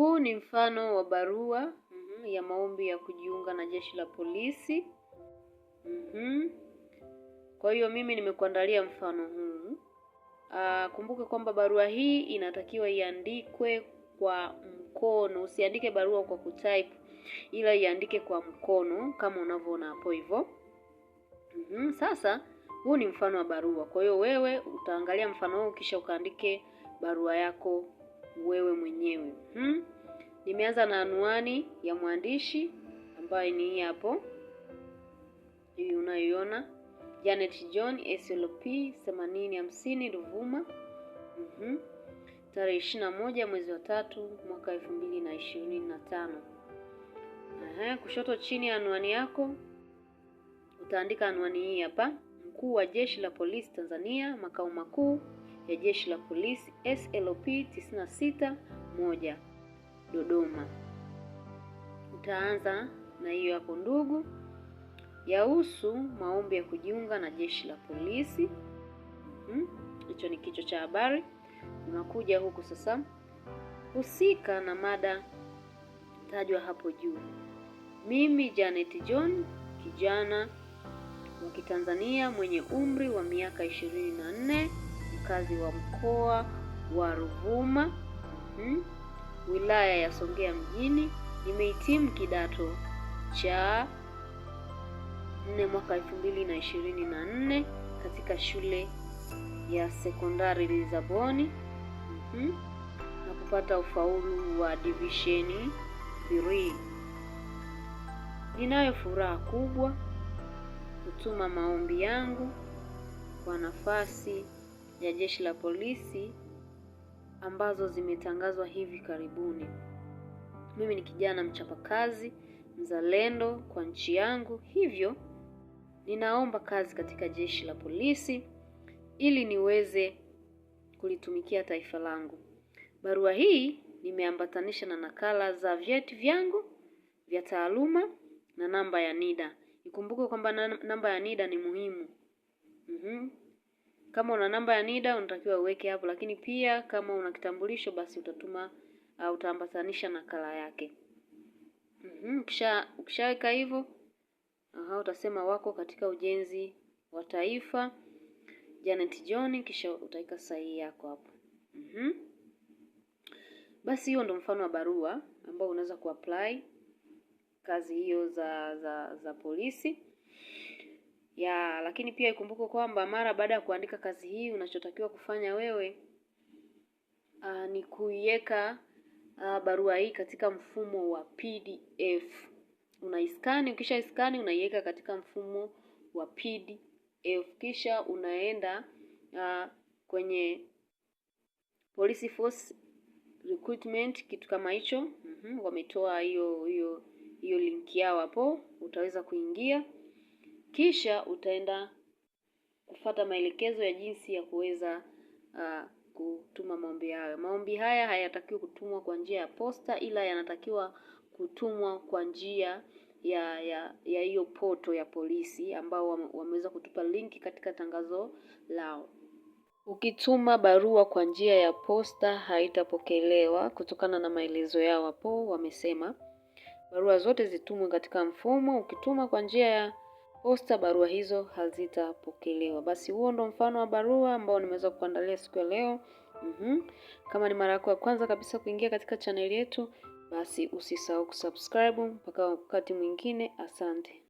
Huu ni mfano wa barua mm, ya maombi ya kujiunga na jeshi la polisi mm-hmm. Kwa hiyo mimi nimekuandalia mfano huu. Aa, ah, kumbuke kwamba barua hii inatakiwa iandikwe kwa mkono, usiandike barua kwa kutype, ila iandike kwa mkono kama unavyoona hapo hivyo. Mm-hmm. Sasa huu ni mfano wa barua, kwa hiyo wewe utaangalia mfano huu kisha ukaandike barua yako wewe mwenyewe hmm? Nimeanza na anwani ya mwandishi ambayo ni hii hapo, hii unayoiona Janet John SLP 8050 Ruvuma, mm-hmm. Tarehe 21 mwezi wa tatu mwaka 2025. Aha, kushoto chini ya anwani yako utaandika anwani hii hapa, mkuu wa jeshi la polisi Tanzania, makao makuu ya Jeshi la Polisi SLP 961 Dodoma. Utaanza na hiyo yako ndugu, yahusu maombi ya kujiunga na Jeshi la Polisi. Mhm. Hicho hmm, ni kichwa cha habari. Unakuja huku sasa, husika na mada tajwa hapo juu. Mimi Janet John, kijana wa Kitanzania mwenye umri wa miaka 24 wakazi wa mkoa wa Ruvuma mm, wilaya ya Songea mjini. Nimehitimu kidato cha nne mwaka elfu mbili na ishirini na nne katika shule ya sekondari Lisaboni mm -hmm, na kupata ufaulu wa divisheni 3. Ninayo furaha kubwa kutuma maombi yangu kwa nafasi ya jeshi la polisi ambazo zimetangazwa hivi karibuni. Mimi ni kijana mchapakazi, mzalendo kwa nchi yangu, hivyo ninaomba kazi katika jeshi la polisi ili niweze kulitumikia taifa langu. Barua hii nimeambatanisha na nakala za vyeti vyangu vya taaluma na namba ya NIDA. Ikumbuke kwamba namba ya NIDA ni muhimu. Mm-hmm. Kama una namba ya NIDA unatakiwa uweke hapo, lakini pia kama una kitambulisho basi utatuma uh, utaambatanisha nakala yake. Mm-hmm, kisha ukishaweka hivyo aha, utasema wako katika ujenzi wa taifa Janet John, kisha utaweka sahihi yako hapo. Mm-hmm. Basi hiyo ndo mfano wa barua ambao unaweza kuapply kazi hiyo za za za polisi ya lakini pia ikumbuke kwamba mara baada ya kuandika kazi hii unachotakiwa kufanya wewe uh, ni kuiweka uh, barua hii katika mfumo wa PDF. Unaiskani, iskani unaiweka katika mfumo wa PDF, kisha unaenda uh, kwenye Police Force Recruitment, kitu kama hicho. Mm-hmm, wametoa hiyo hiyo hiyo linki yao hapo, utaweza kuingia kisha utaenda kufata maelekezo ya jinsi ya kuweza uh, kutuma maombi hayo. Maombi haya hayatakiwi kutumwa kwa njia ya posta, ila yanatakiwa kutumwa kwa njia ya ya ya hiyo poto ya polisi ambao wameweza kutupa linki katika tangazo lao. Ukituma barua kwa njia ya posta haitapokelewa kutokana na maelezo yao hapo wamesema. Barua zote zitumwe katika mfumo. Ukituma kwa njia ya posta barua hizo hazitapokelewa. Basi huo ndo mfano wa barua ambao nimeweza kuandalia siku ya leo. Mm -hmm. Kama ni mara yako ya kwanza kabisa kuingia katika chaneli yetu, basi usisahau kusubscribe. Mpaka wakati mwingine, asante.